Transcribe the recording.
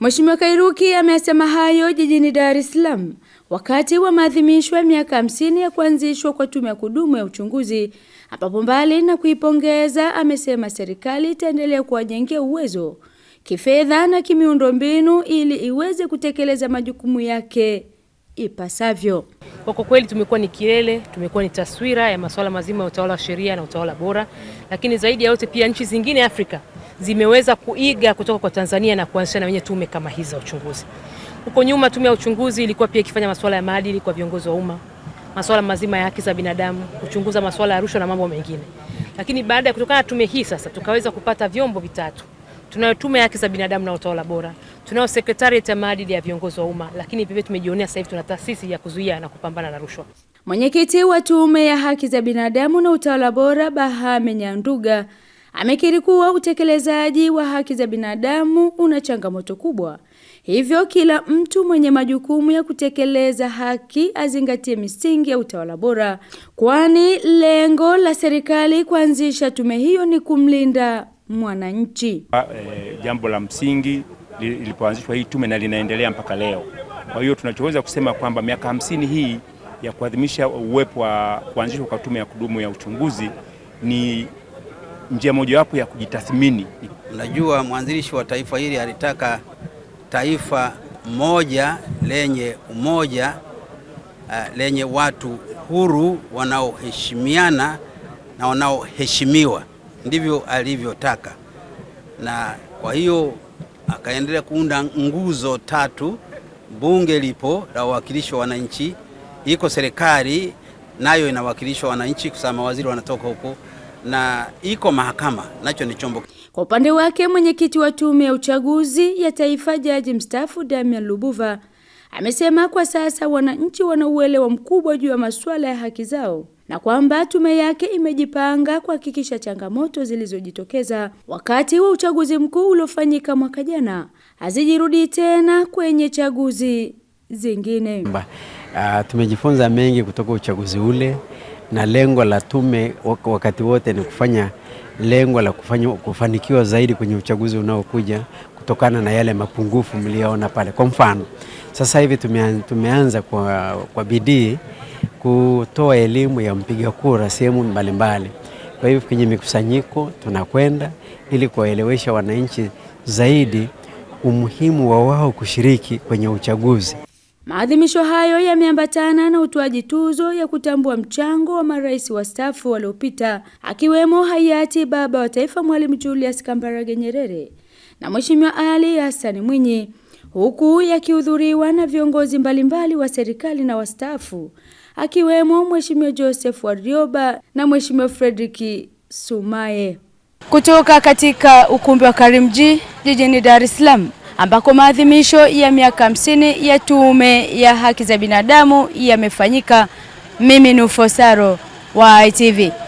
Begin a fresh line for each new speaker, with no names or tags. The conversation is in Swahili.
Mheshimiwa Kairuki amesema hayo jijini Dar es Salaam wakati wa maadhimisho ya miaka hamsini ya kuanzishwa kwa Tume ya Kudumu ya Uchunguzi, ambapo mbali na kuipongeza, amesema serikali itaendelea kuwajengea uwezo kifedha na kimiundombinu ili iweze kutekeleza majukumu yake ipasavyo.
Kwa kweli tumekuwa ni kilele tumekuwa ni taswira ya masuala mazima ya utawala wa sheria na utawala bora, lakini zaidi ya yote pia nchi zingine Afrika zimeweza kuiga kutoka kwa Tanzania na kuanzisha na wenye tume kama hizi za uchunguzi. Huko nyuma tume ya uchunguzi ilikuwa pia ikifanya masuala ya maadili kwa viongozi wa umma, masuala mazima ya haki za binadamu, kuchunguza masuala ya rushwa na mambo mengine. Lakini baada ya kutokana na tume hii sasa tukaweza kupata vyombo vitatu. Tunayo tume ya haki za binadamu na utawala bora, tunayo sekretarieti ya maadili ya viongozi wa umma, lakini pia tumejionea sasa hivi tuna taasisi ya kuzuia na kupambana na rushwa.
Mwenyekiti wa tume ya haki za binadamu na utawala bora Bahame Nyanduga Amekiri kuwa utekelezaji wa haki za binadamu una changamoto kubwa, hivyo kila mtu mwenye majukumu ya kutekeleza haki azingatie misingi ya utawala bora, kwani lengo la serikali kuanzisha tume hiyo ni kumlinda mwananchi.
E, jambo la msingi lilipoanzishwa hii tume na linaendelea mpaka leo. Kwa hiyo tunachoweza kusema kwamba miaka hamsini hii ya kuadhimisha uwepo wa kuanzishwa kwa tume ya kudumu ya uchunguzi ni njia mojawapo ya kujitathmini.
Unajua, mwanzilishi wa taifa hili alitaka taifa moja lenye umoja, uh, lenye watu huru wanaoheshimiana na wanaoheshimiwa, ndivyo alivyotaka, na kwa hiyo akaendelea kuunda nguzo tatu: bunge lipo la wawakilishi wa wananchi, iko serikali nayo inawakilishwa wananchi, kwa sababu mawaziri wanatoka huko na iko mahakama nacho ni chombo.
Kwa upande wake mwenyekiti wa tume ya uchaguzi ya taifa jaji mstaafu Damian Lubuva amesema kwa sasa wananchi wana uelewa mkubwa juu ya masuala ya haki zao na kwamba tume yake imejipanga kuhakikisha changamoto zilizojitokeza wakati wa uchaguzi mkuu uliofanyika mwaka jana hazijirudi tena kwenye chaguzi zingine.
uh, tumejifunza mengi kutoka uchaguzi ule na lengo la tume wakati wote ni kufanya lengo la kufanya, kufanikiwa zaidi kwenye uchaguzi unaokuja kutokana na yale mapungufu mliyoona pale. Kwa mfano sasa hivi tumeanza kwa, kwa bidii kutoa elimu ya mpiga kura sehemu mbalimbali. Kwa hivyo kwenye mikusanyiko tunakwenda ili kuwaelewesha wananchi zaidi umuhimu wa wao kushiriki kwenye uchaguzi.
Maadhimisho hayo yameambatana na utoaji tuzo ya kutambua mchango wa marais wastaafu waliopita akiwemo hayati baba wa taifa Mwalimu Julius Kambarage Nyerere na Mheshimiwa Ali Hassan Mwinyi huku yakihudhuriwa na viongozi mbalimbali wa serikali na wastaafu akiwemo Mheshimiwa Joseph Warioba na Mheshimiwa Frederick Sumaye
kutoka katika ukumbi wa Karimjee jijini Dar es Salaam ambako maadhimisho ya miaka hamsini ya Tume ya Haki za Binadamu yamefanyika. Mimi ni Ufosaro wa ITV.